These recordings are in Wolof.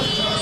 Go!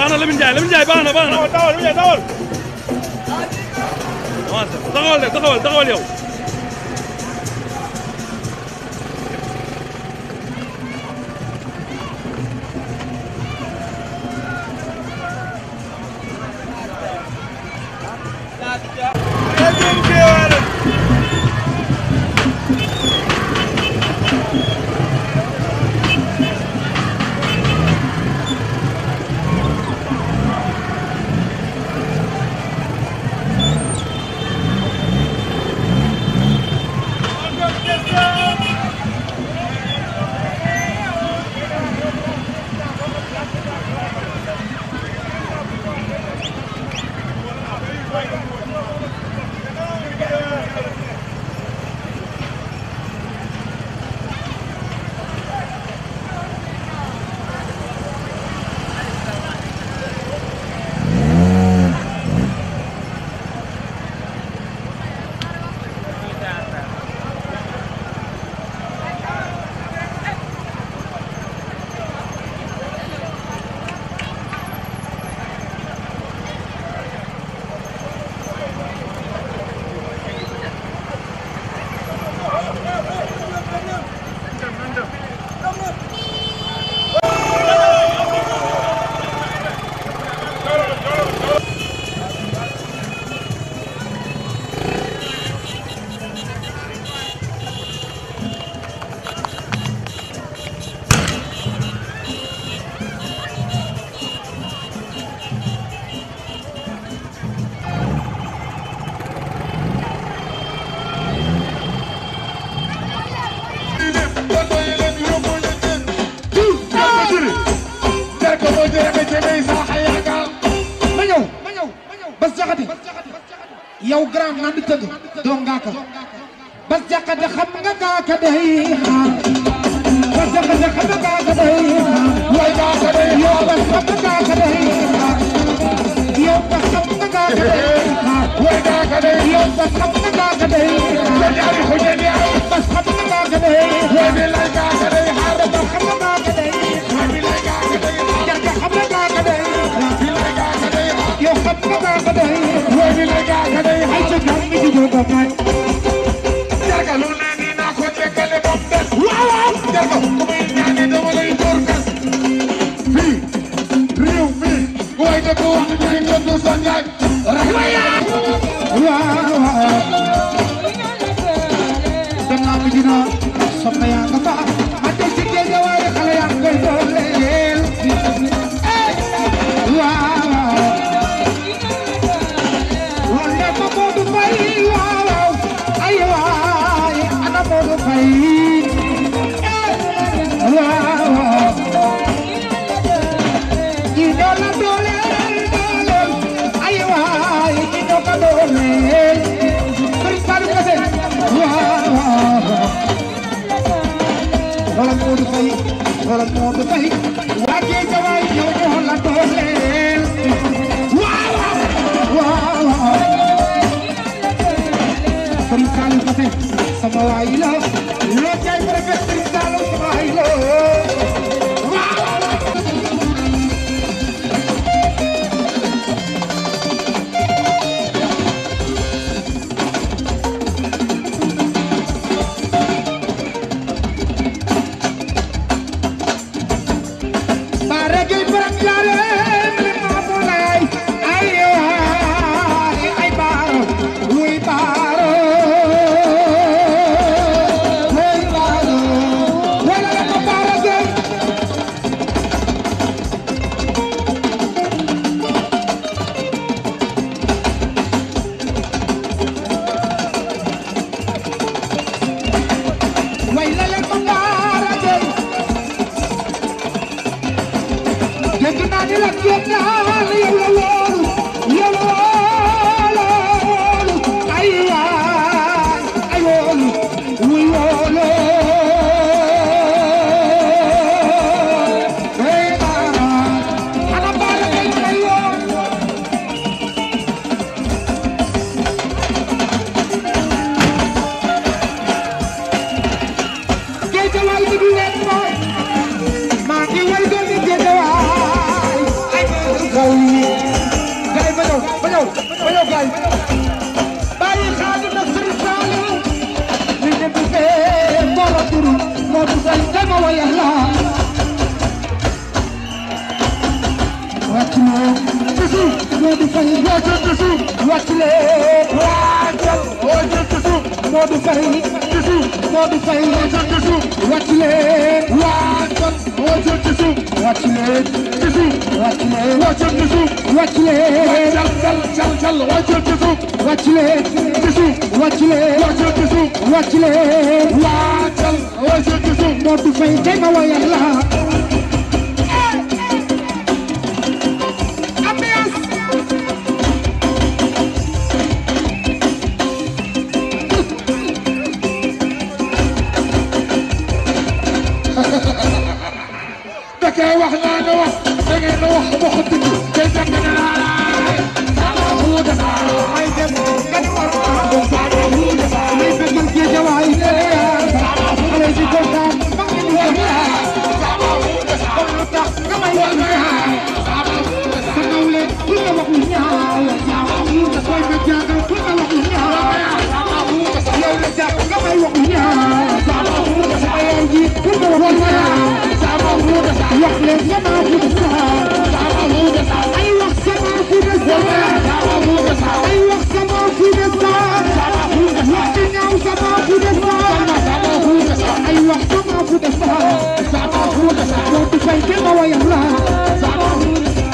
baax na Lamine Ndiaye Lamine Ndiaye baax na baax na taxawal taxawal taxawal yow programme nan di tëgg doo ngaaka bas jaxate xam nga ngaaka day xaar bas jaxate xam nga ngaaka day xaar way ngaaka day yow bas xam nga ngaaka day xaar yow bas xam nga ngaaka day xaar way ngaaka day yow bas xam nga ngaaka day xaar ñaari xuje ni ay bas xam nga ngaaka day way bi lay ngaaka day xaar bas xam nga ngaaka day way bi lay ngaaka day xaar jaxate xam nga ngaaka day xaar yow xam nga ngaaka day ko ba pare. jàkkaarloo nee nii naa ko jéggale ba mu des. waaw waaw jàkkaarloo ku muy ñaanee dama lay door kas. fii réew mi. waaye dëgg wax dëgg yëpp dootul sa njaay. rafet naa sama waay la loo cay préfet Serigne Saloum sama waay la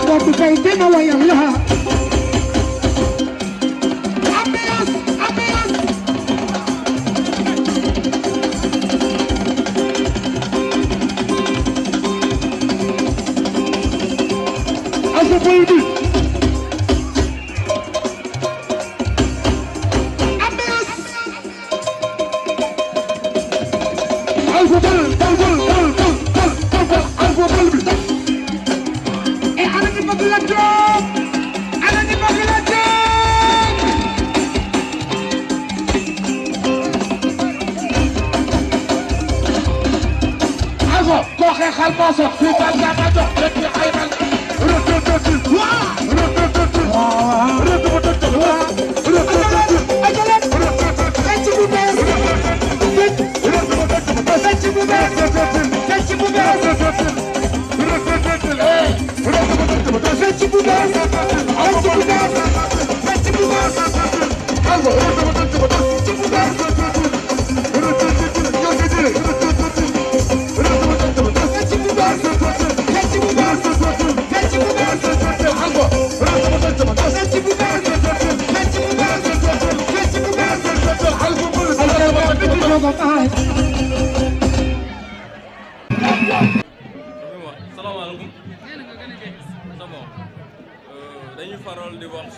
Motivate them away, Allah. baby.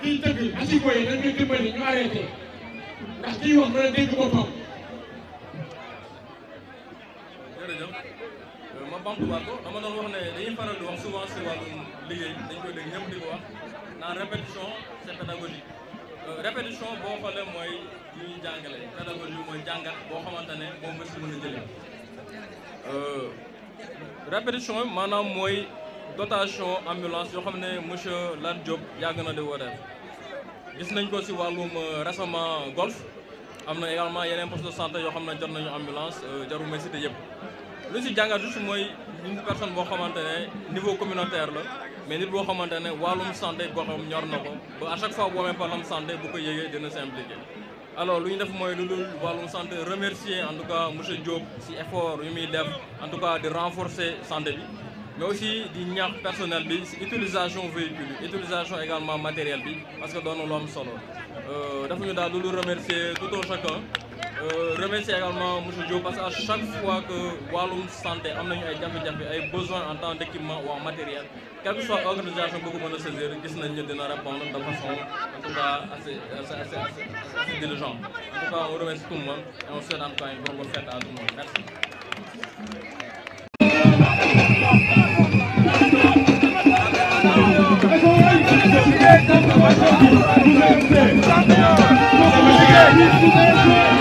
kii tëgg asiko yi dañ koy dimbali ñu arrêté ndax kii wax dana dégg boppam. jërëjëf euh, ma bamtuwaat ko dama doon wax ne dañuy faral di wax souvent si wàllum liggéey dañ koy dégg ñëpp di ko wax naan répétition c'est pédagogique euh, répétition boo xoolee mooy ñu ñuy jàngale pédagogie mooy jàngat boo xamante ne moom nga si mën a jëlee euh, répétition maanaam mooy. dotation ambulance yo xamné monsieur Lat Diop yàgg na di gis nañ ko ci walum euh, récemment golf amna également yeneen poste de santé yo xam jot nañu ambulance euh, jarul may cité yëpp lu ci jangat juste moy une personne bo xamante niveau communautaire la mais nit bo xamante walum santé goxam ñor nako ko ba à chaque fois boo amee problème santé bu ko yëgee dina s'impliquer alors lu ñu def mooy lu dul santé remercier en tout cas monsieur Diop si effort yu muy def en tout cas de renforcer santé mais aussi di personnel bi utilisation véhicule utilisation également matériel parce que dans nos lu solo euh, dafa ñu remercier tout un chacun euh, remercier également monsieur Diop parce qu'à chaque fois que wàllum santé a besoin ay ay besoin en tant d'équipement ou en matériel quelle que soit organisation boo ko mën a saisir gis nañ dina répondre de façon en assez assez assez diligente en tout cas on remercie tout le monde et on souhaite en tout une bonne fête à tout le monde merci. Thank you.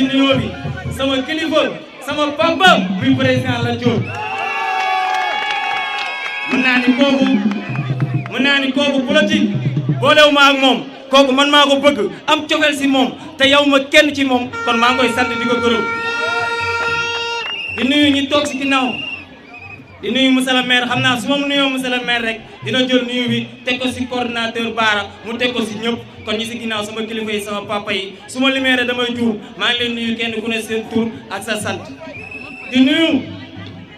ci nuyoo sama kilifa sama papa muy président Lat Dior mun naa ni kooku mun naa ni kooku politique boolewu ma ak moom kooku man maa ko bëgg am cofeel si moom te yow ma kenn ci moom kon maa ngi koy sant di ko gërëm ñi toog si ginnaaw di nuyu mu le maire xam naa suma ma nuyoo monsieur le rek dina jël nuyu bi teg ko si coordinateur Baara mu teg ko si ñëpp kon ñi si ginnaaw sama kilifa yi sama papa yi su ma damay juum maa ngi leen nuyu kenn ku ne seen tur ak sa sant. di nuyu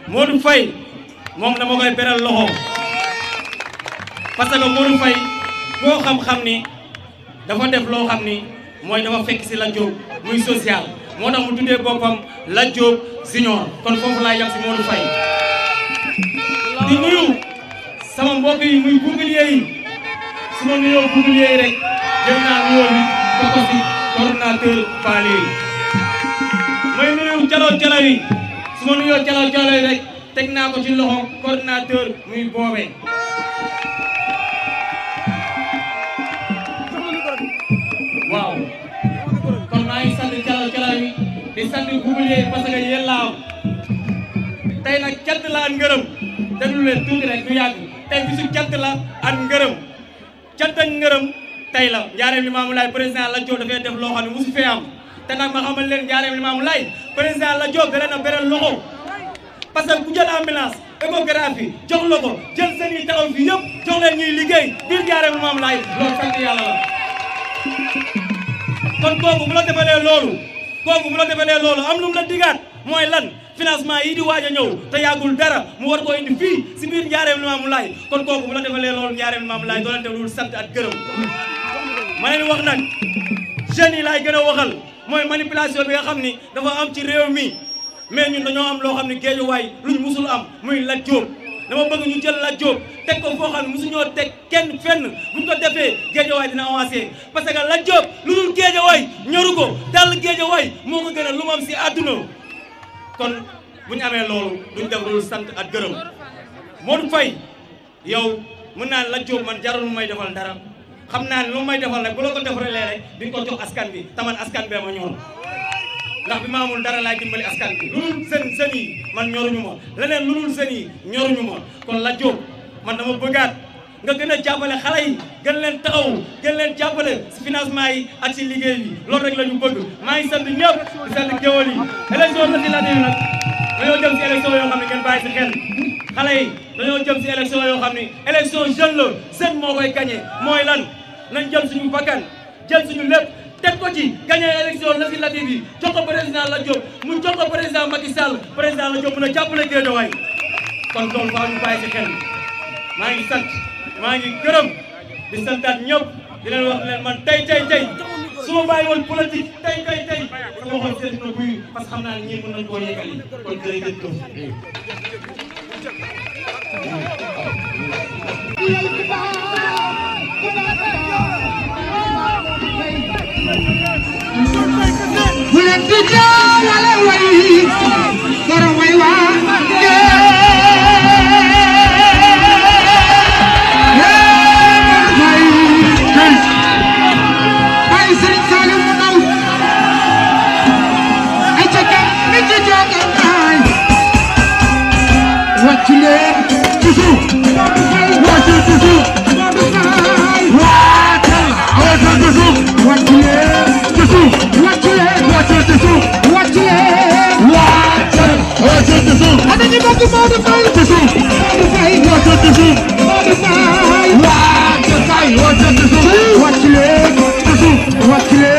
Modou Faye moom dama koy beral loxo parce que Modou Faye boo xam-xam ni dafa def loo xam ni mooy dafa fekk si la jóg muy social moo tax mu tuddee boppam la jóg junior kon foofu laa yem si Modou Faye. di nuyu sama mbokk yi muy bouclier yi su ma nuyoo bouclier yi rek jël naa nuyoo bi ko ko si coordonnateur Bally yi may nuyu calaw calaw yi su ma nuyoo calaw calaw yi rek teg naa ko ci loxo coordonnateur muy boobee waaw kon maa ngi sant calaw calaw yi di sant bouclier parce que yéen laa tey nag cant la ak ngërëm déglu leen tuuti rek du yàgg tey bisu cant la ak ngërëm cant ak ngërëm tey la njaareem Limaamu Laay président Lat Diop dafay def loo xam ne mosu fee am te nag ma xamal leen njaareem Limaamu Laay président Lat Diop dana na beral loxo parce que ku jël ambulance échographie jox la ko jël fi yëpp jox leen liggéey biir njaareem Limaamu Laay loolu sant yàlla la kon kooku bu la defalee loolu kooku bu la defalee loolu am lu mu mooy lan financement yi di waaj a ñëw te yàggul dara mu war koo indi fii si biir njaareem limaamu laay kon kooku bu la defalee loolu njaareem limaamu laay doo leen def lu sant ak gërëm ma leen wax nag jeunes yi laay gën a waxal mooy manipulation bi nga xam ni dafa am ci réew mi mais ñun dañoo am loo xam ne géejuwaay luñ musul am muy la jóob dama bëgg ñu jël la jóob teg ko foo xam ne musuñoo teg kenn fenn buñ ko defee géejawaay dina avancé parce que la jóob lu dul géejawaay ñoru ko dal géejawaay moo ko gën lu mu am si àdduna kon bu ñu amee loolu duñ def loolu sant ak gërëm Modou Faye yow mu naan la jóob man jarul mu may defal dara xam naa ne lu may defal nag bu la ko defalee rek di ko jox askan bi taman askan bee ma ñoom ndax bi ma amul dara laay dimbali askan bi lu dul seen seen yi man ñoruñu ma leneen lu dul seen yi ñoruñu kon la jóob man dama bëggaat. nga gën a jàppale xale yi gën leen taxaw gën leen jàppale si financement yi ak si liggéey bi loolu rek la ñu bëgg maa ngi sant ñëpp di sant géwël yi élection législative nag dañoo jëm si élection yoo xam ne ngeen bàyyi si xel xale yi dañoo jëm si élection yoo xam ne élection jeune la jeune moo koy gagné mooy lan nañ jël suñu bakkan jël suñu lépp teg ko ci gagné élection législative yi jox ko président la Diop mu jox ko président Macky Sall président la Diop mën a jàppale Guédiawaye kon loolu faaw ñu bàyyi si xel maa ngi maa ngi gërëm di santaat ñëpp di leen wax leen man tay tay tay, su ma bàyyi woon politique tay tay, tey sama xol sedd na buy parce que xam naa ne ñii mën nañ koo yeggali kon jërëjëf jëf bu leen di jaawale way ci suuf. ana ñu bëgg Maodo Faye. ci suuf. Maodo Faye wàcce ci suuf. Maodo Faye. wàcce Faye wàcce ci suuf. wàcce leen. ci suuf wàcce leen.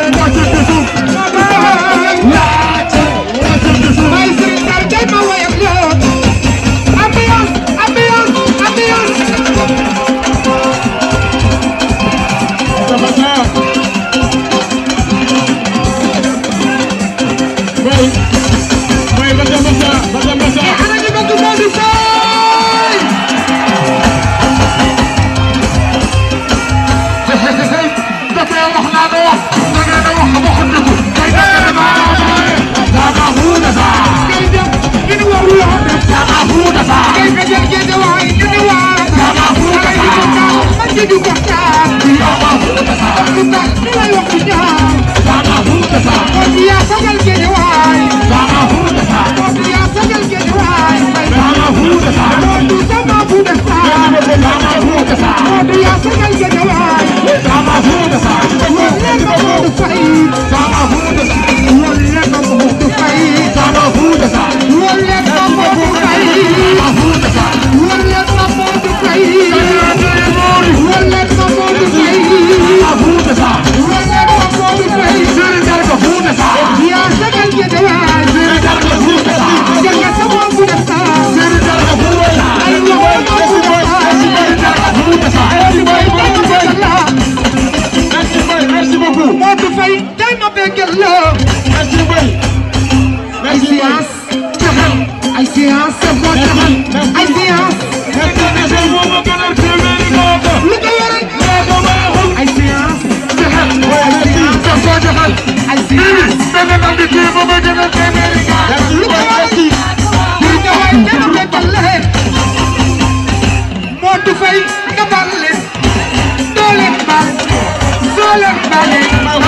Solar Valley, I'm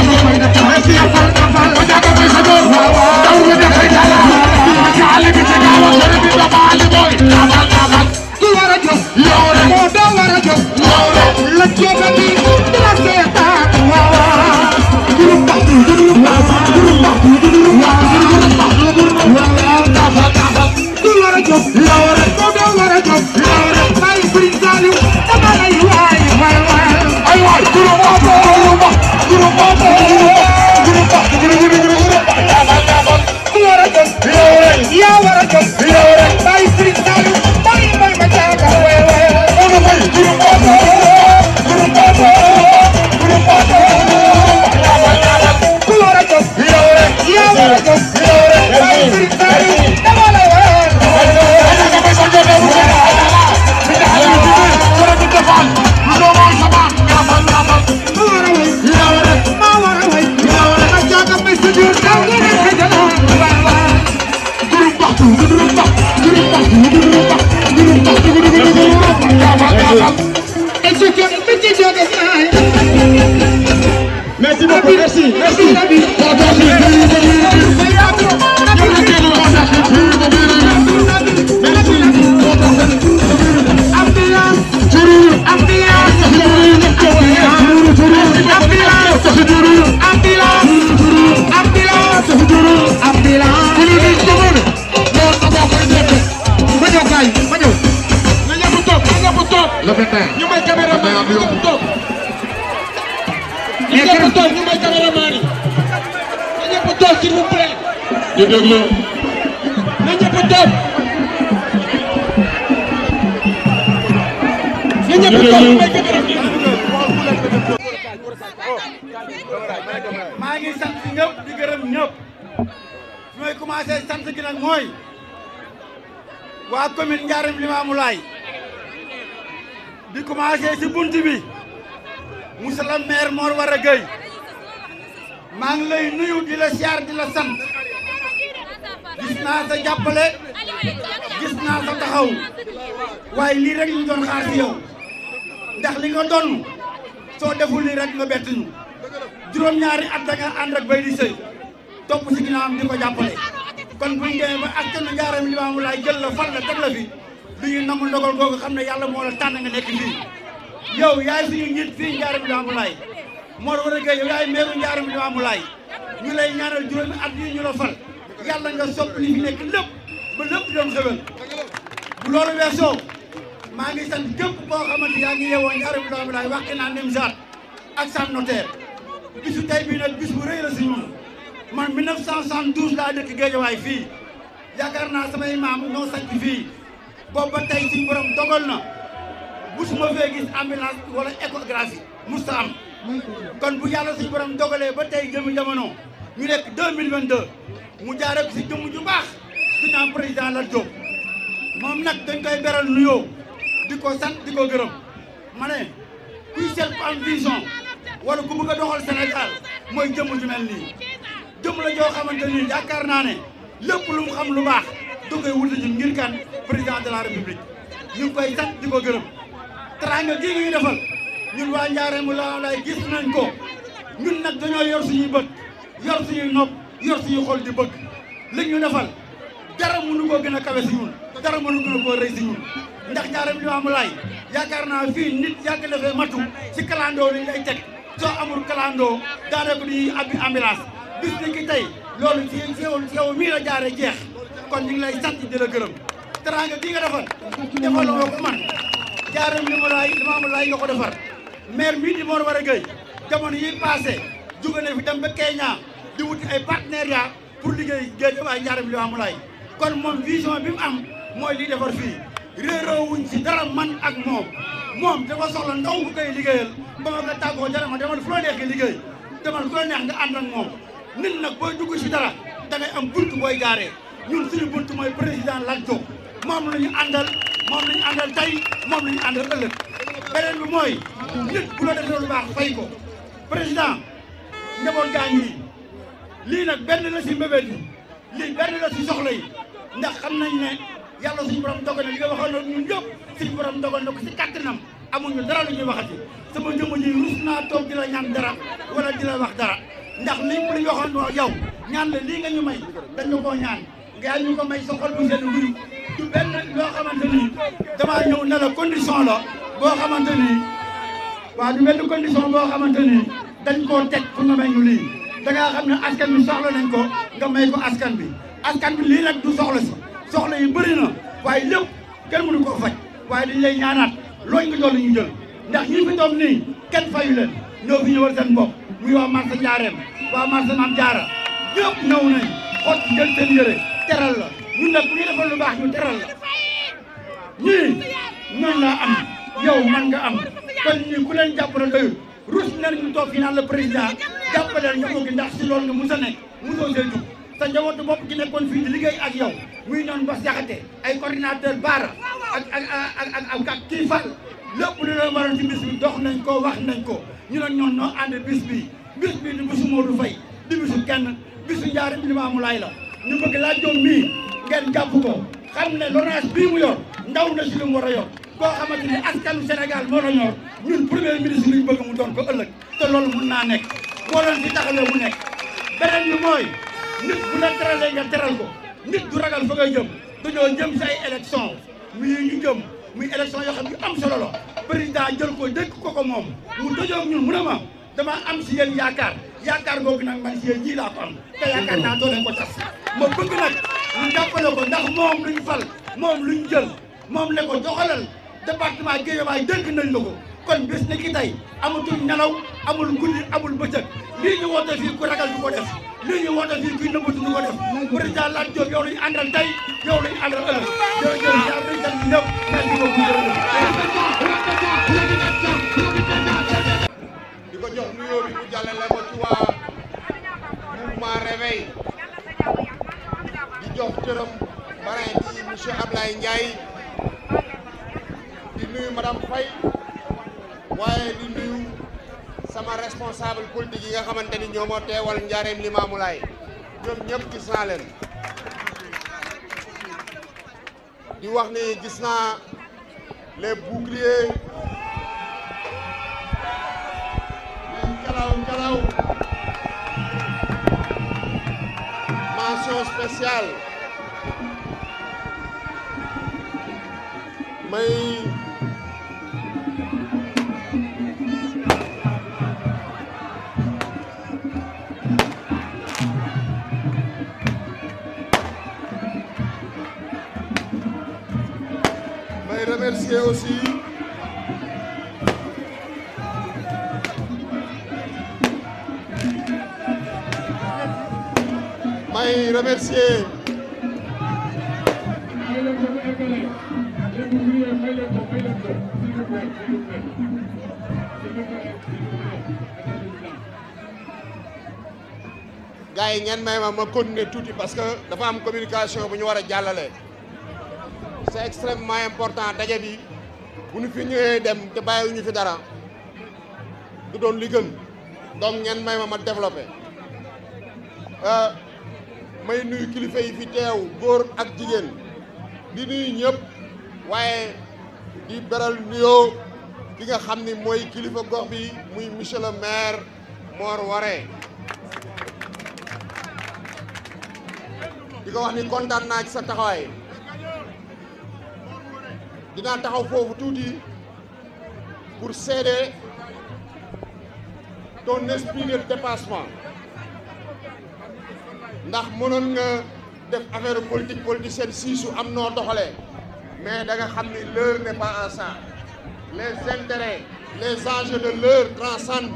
going to go to the Let's go, baby. Let's go. ñëpp toog a di gërëm ñëpp su may commencé sant gi nag mooy waa di commencé si bunt bi Moussa la maire Mor Wara Gueye maa ngi lay nuyu di la siyaar di la sant gis naa sa jàppale gis sa taxaw waaye lii rek ñu doon xaar si yow ndax li nga doon soo deful nii rek nga bett ñu juróom-ñaari at da nga ànd ak bay di sëy topp ci ginnaawam di ko jàppale kon buñ demee ba askanu njaaram limaamu laay jël la fal la teg la fi du ñu nangu ndogal googu xam ne yàlla moo la tànn nga nekk fii yow yaay suñu njiit fii njaaram limaamu laay Mor Wara Gueye yow yaay meeru njaaram limaamu laay ñu lay ñaanal juróomi at yi ñu la fal yàlla nga sopp li fi nekk lépp ba lépp doon xewal bu loolu maa ngi sant képp koo xamante yaa ngi yeewoo njaaram doomu laay wax naa nem jaar ak sam notaire bisu tey bii nag bis bu rëy la si ñun man 1972 laa dëkk Géejawaay fii yaakaar naa samay maam ñoo sanc fii boobu ba tey suñu borom dogal na bu su ma fee gis ambulance wala échographie musta am kon bu yàlla suñu borom dogalee ba tey jëmi jamono ñu nekk 2022 mu jaaree si jëmm ju baax du naan président la Diop moom nag dañ koy beral nuyoo. di ko sant di ko gërëm ma ne kuy seet ku am vision wala ku bëgg a doxal Sénégal mooy jëmm ju mel nii jëmm la joo xamante nii yaakaar naa ne lépp lu mu xam lu baax du koy wuti ñun ngir kan président de la république koy sant di ko gërëm teraanga gii ñuy defal ñun waa Njaareem la lay gis nañ ko ñun nag dañoo yor suñuy bët yor suñuy nopp yor suñuy xol di bëgg li ñu defal dara mënu koo gën a kawe si dara mënu gën a koo rëy si ñun ndax jaaram limaamu laay yaakaar naa fii nit yàgg na matu si kalandoo lañ lay teg soo amul kalandoo daanaka du abbi ambulance bis ni ki tey loolu ci yow yow mii la jaare jeex kon ñu ngi lay sant di la gërëm teraanga bii nga defar defal woo ko man jaaram li ma laay limaamu laay nga ko defar maire mii di Mor Wara Gueye jamono yi passé jóge na dem ba Kenya di wuti ay partenariat pour liggéey géej waaye jaaram limaamu kon moom vision bi mu am mooy lii defar fii réeroo wuñ ci dara man ak moom moom dafa soxla ndaw bu koy liggéeyal ba ma ko tàggoo jara ma demal fu la de nga liggéey demal fu la neex nga ànd ak moom nit nag booy dugg ci dara dagay ngay am bunt booy jaaree ñun suñu bunt mooy président Lat moom la ñu àndal moom la ñu àndal tey moom la ñu àndal ëllëg bi mooy nit bu la defee lu baax fay ko président njaboot gaa ngi lii nag benn la si mbébét yi lii benn la ci soxla ndax xam nañ ne yàlla suñu borom dogal na li nga waxoon ñun ñëpp suñu borom dogal na ko si kàttanam amuñu dara lu ñuy waxati sama jëmm ji rus naa toog di ñaan dara wala di wax dara ndax ni mu la waxoon yow ñaan la lii nga ñu may dañu koo ñaan nga ñu ko may sa xol bu seen luy du benn loo xamante ni damaa ñëw ne boo xamante ni waaw du benn condition boo xamante ni dañ koo teg pour nga may ñu lii da ngaa xam ne askan bi soxla nañ ko nga may ko askan bi askan bi lii nag du soxla si soxla yi bëri na waaye lépp kenn mënu koo faj waaye dañu lay ñaanaat looñ nga doon ñu jël ndax ñi fi toog nii kenn fayu leen ñoo fi ñëwal seen bopp muy waa marché Njaareem waa marché Maam Jaara ñëpp ñëw nañ xool jël seen yëre teral la ñun nag bu ñu lu baax ñu teral la ñii noonu laa am yow man nga am kon ñii ku leen jàppale doyul rus nañ ñu toog fii naan la président jàppaleel nga bëgg ndax si loolu nga musa nekk musoo see jug sa njabootu bopp gi nekkoon fii di liggéey ak yow muy noonu Mbos Jaxate ay coordinateur Baara ak ak ak ak ak kii Fall lépp lu la waroon ci bis dox nañ ko wax nañ ko ñu loon ñoom ñoo ànd bis bi bis bi di bisu Modou Faye di bisu kenn bisu njaari Limaamu Laay la ñu bëgg laa joom mii ngeen jàpp ko xam ne Lonase bii mu yor ndaw na si lu mu war a yor koo xamante ne askanu Sénégal moo la ñor ñun premier ministre li ñu bëgg mu doon ko ëllëg te loolu mun naa nekk boo doon fi mu nekk nit bu la teralee nga teral ko nit du ragal fa nga jëm dañoo jëm si ay élection muy ñu jëm muy élection yoo xam ne am solo la président jël ko dëkk ko ko moom mu dajoog ñun mun a ma dama am si yéen yaakaar yaakaar googu nag man si yéen ji laa ko am te yaakaar naa doo ko tas ma bëgg nag ñu jàppale ko ndax moom luñ fal moom luñ jël moom ne ko doxalal département Guédiawaye dënk nañ la ko kon bés ni ki tey amatul nelaw amul guddi amul bëccëg lii ñu woote fii ku ragal du ko def li ñu woote fii kuy nëbbatu ñu ko def président Lat Diop yow la ñu àndal tey yow la ñu àndal ëllëg jërëjëf jaar nañ sant ñëpp merci beaucoup di ko jox nuyoo bi mu jàllale ko ci waa mouvement réveil di jox cëram marin bi monsieur Ablaye Ndiaye di nuyu madame waaye di nuyu sama responsable politique yi nga xamante ni ñoo ma teewal njaareem Limaamu Laay ñoom ñëpp gis naa di wax ni gis naa les boucliers les ngelaw ngelaw mention spéciale may risqué aussi. may remercier. gars yi ngeen may ma ma continuer tuuti parce que dafa am communication bu ñu war a jàllale. c'est extrêmement important daje bi bu ñu fi ñëwee dem te bàyyiwuñu fi dara du doon li gën donc ngeen may ma ma développé euh, may nuyu kilifa yi fi teew góor ak jigéen di nuyu ñëpp waaye di beral nuyoo ki nga xam ni mooy kilifa gox bi muy monsieur le maire Mor Waré di ko wax ni kontaan naa ci sa taxawaay. dina taxaw tout touti pour céder ton esprit de dépassement ndax avons nga def affaire politique politicienne sisu am no doxale mais da nga l'heure n'est pas à les intérêts les enjeux de l'heure transcendent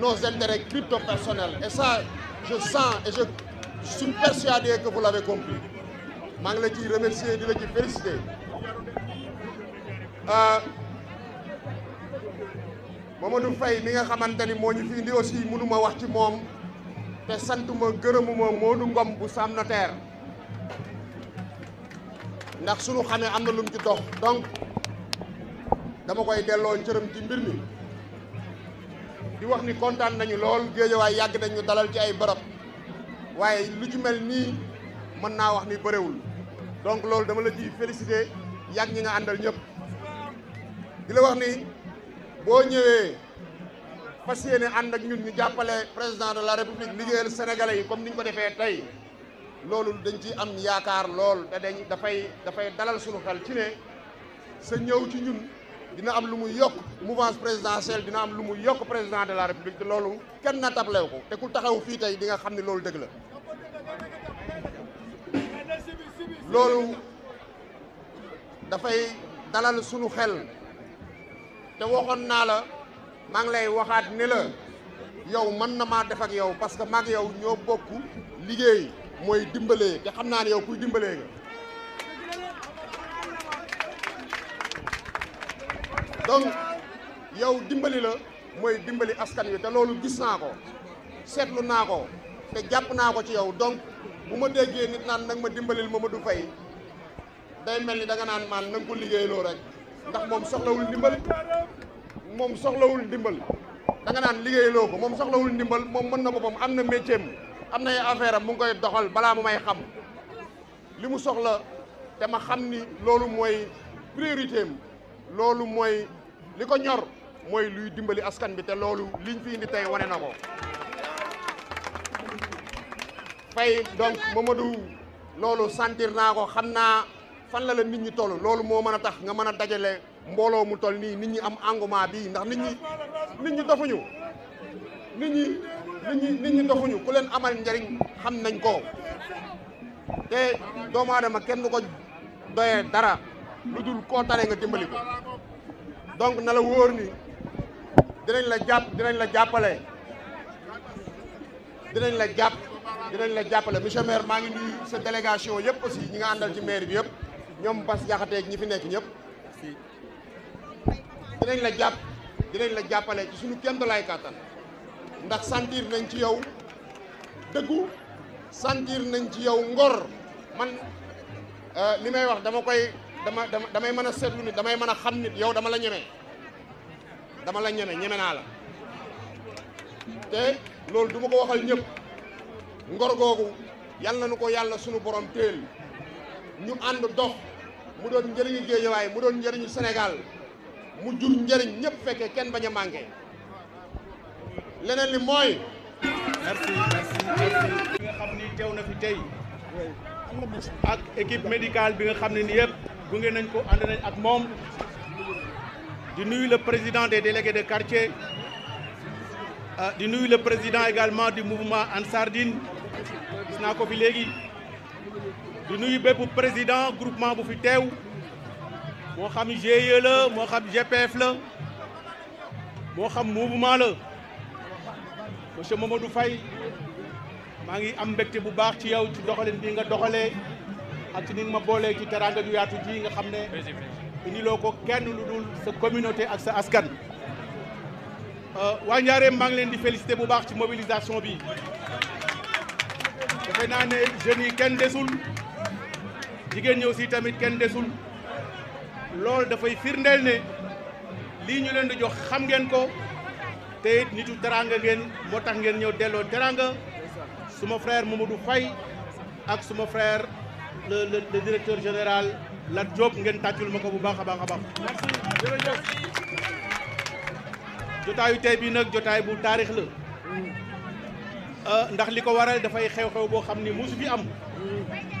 nos intérêts crypto personnels et ça je sens et je suis persuadé que vous l'avez compris Je vous la et remercier féliciter Ah. Mamadou Fay mi nga xamanteni mo ñu fi indi aussi mënuma wax ci moom te santuma gërëmuma Modou Ngom bu Sam Notaire ndax suñu xamé am luñ ci dox donc dama koy délo cërëm ci mbir mi di wax ni contane nañu lool way yag nañu dalal ci ay barab waaye lu ci mel ni mëna wax ni bëréwul donc lool dama la ci féliciter yag ñi nga andal ñëpp dina wax ni boo ñëwee fas yéene ànd ak ñun ñu jàppale président de la république liggéeyal sénégalais yi comme ni ñu ko defee tey loolu dañ ci am yaakaar lool te dañ dafay dafay dalal suñu xel ci ne sa ñëw ci ñun dina am lu muy yokk mouvance présidentielle dina am lu mu yokk président de la république te loolu kenn na tablew ko te ku taxaw fii tey di nga xam ne loolu dëgg la loolu dafay dalal suñu xel te waxoon naa la maa ngi lay waxaat ne la yow mën na maa def ak yow parce que maag yow ñoo bokk liggéey mooy dimbalee te xam naa ne yow kuy dimbalee nga donc yow dimbali la mooy dimbali askan wi te loolu gis naa ko seetlu naa ko te jàpp naa ko ci yow donc bu ma déggee nit naan nag ma dimbalil Mamadou Faye day mel ni danga naan maa na nga ko liggéeyloo rek ndax moom soxlawul ndimbal moom soxlawul ndimbal da nga naan liggéeyloo ko moom soxlawul ndimbal moom mën na boppam am na métier am na ay affaire am koy doxal balaa mu may xam li mu soxla te ma xam ni loolu mooy priorité loolu mooy li ko ñor mooy luy dimbali askan bi te loolu liñ fii indi tey wane na ko fay donc Mamadou loolu sentir naa ko xam naa fan la la nit ñi tollu loolu mo mëna tax nga mëna dajalé mbolo mu toll ni nit ñi am engouement bi ndax nit ñi nit ñi dofuñu nit ñi nit ñi nit ñi dofuñu ku leen amal ndariñ xam nañ ko te doomu dama kenn du ko doyee dara luddul ko talé nga dimbali ko donc na la woor ni dinañ la japp dinañ la jappalé dinañ la japp dinañ la jappalé monsieur maire ma ngi nuyu sa délégation yépp aussi ñi nga andal ci maire bi yépp ñoom bas ak ñi fi nekk ñep dinañ la japp dinañ la jappalé ci suñu kendo lay katan ndax sentir nañ ci yow deggu sentir nañ ci yow ngor man euh limay wax dama koy dama damay mën a seetlu nit damay mën a xam nit yow dama la ñëmé dama la ñëmé ñëmé na la té lool duma ko waxal ñëpp ngor gogou yalla nuko yalla suñu borom téel ñu and dox mu doon njëriñu way mu doon njëriñu Sénégal mu jur njëriñ ñepp fekke kenn baña a leneen li moy merci merci nga xamni tew na fi tay ak équipe médicale bi nga xamni ñepp bu ngeen nañ ko and nañ ak mom di nuyu le président des délégués de quartier ah, di nuyu le président également du mouvement Ansardine gis na ko fi légui du nuyu bépp président groupement bu fi teew moo xam GIE la moo xam GPF la mo xam mouvement le monsieur Mamadou Fay maa ngi am mbégte bu baax ci yow ci doxalin bi nga doxalé ak ci ni nga ma boolee ci teraanga du yatu ji nga xamné ne loko kenn lu dul sa communauté ak sa askan. euh wa Njaareem ma ngi leen di félicité bu baax ci mobilisation bi defe naa ne jeunes yi kenn desul. jigéen ñi aussi tamit kenn desul loolu dafay firndeel ne lii ñu leen di jox xam ngeen ko te it nitu teranga ngeen moo tax ngeen ñëw delloo teranga suma frère Mamadou Faye ak suma frère le le le directeur général Lat Diop ngeen tàccul ma ko bu baax a baax a baax. jotaayu tey bii nag jotaay bu taarix la mm. euh, ndax li ko waral dafay xew-xew boo xam ni musu fi am. Mm.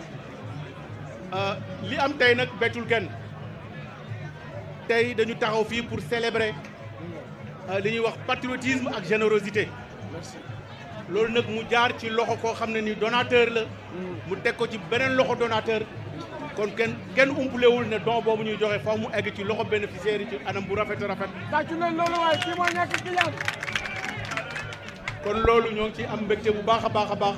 Euh, li am tey nag betul kenn tey dañu taxaw fii pour célébrer euh, li ñuy wax patriotisme ak générosité loolu nag mu jaar ci loxo koo xam ne ni donateur la mu teg ko ci beneen loxo donateur kon kenn kenn umpulewul ne don boobu ñuy joxe faw mu egg ci loxo bénéficiaire yi ci anam bu rafet rafet tàccu leen loolu waaye kii moo nekk ki kon loolu ñoo ngi ci am mbégte bu baax a baax a baax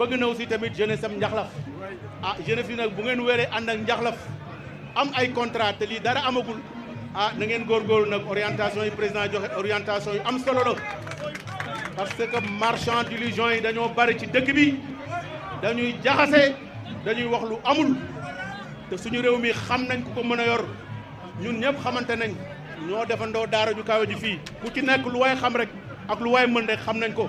bëgg na aussi tamit jeunesse am njaxlaf ah jeunesse bi nag bu ngeen weeree ànd ak njaxlaf am ay contrat te lii dara amagul ah na ngeen góor nag orientation yi président joxe orientation yu am solo la parce que marchand d'illusion yi dañoo bari ci dëkk bi dañuy jaxase dañuy wax lu amul te suñu réew mi xam nañ ku ko mën a yor ñun ñëpp xamante nañ ñoo defandoo daara ju kawe ji fii ku ci nekk lu waay xam rek ak lu waay mën rek xam nañ ko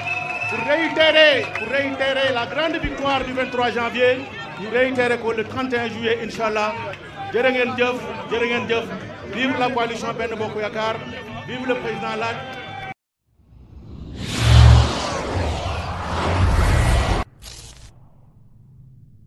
pour réitérer, pour réitérer la grande victoire du 23 janvier, pour réitérer que le 31 juillet, Inch'Allah. vivre vive la coalition Ben Boko Yakar, vive le président Lac,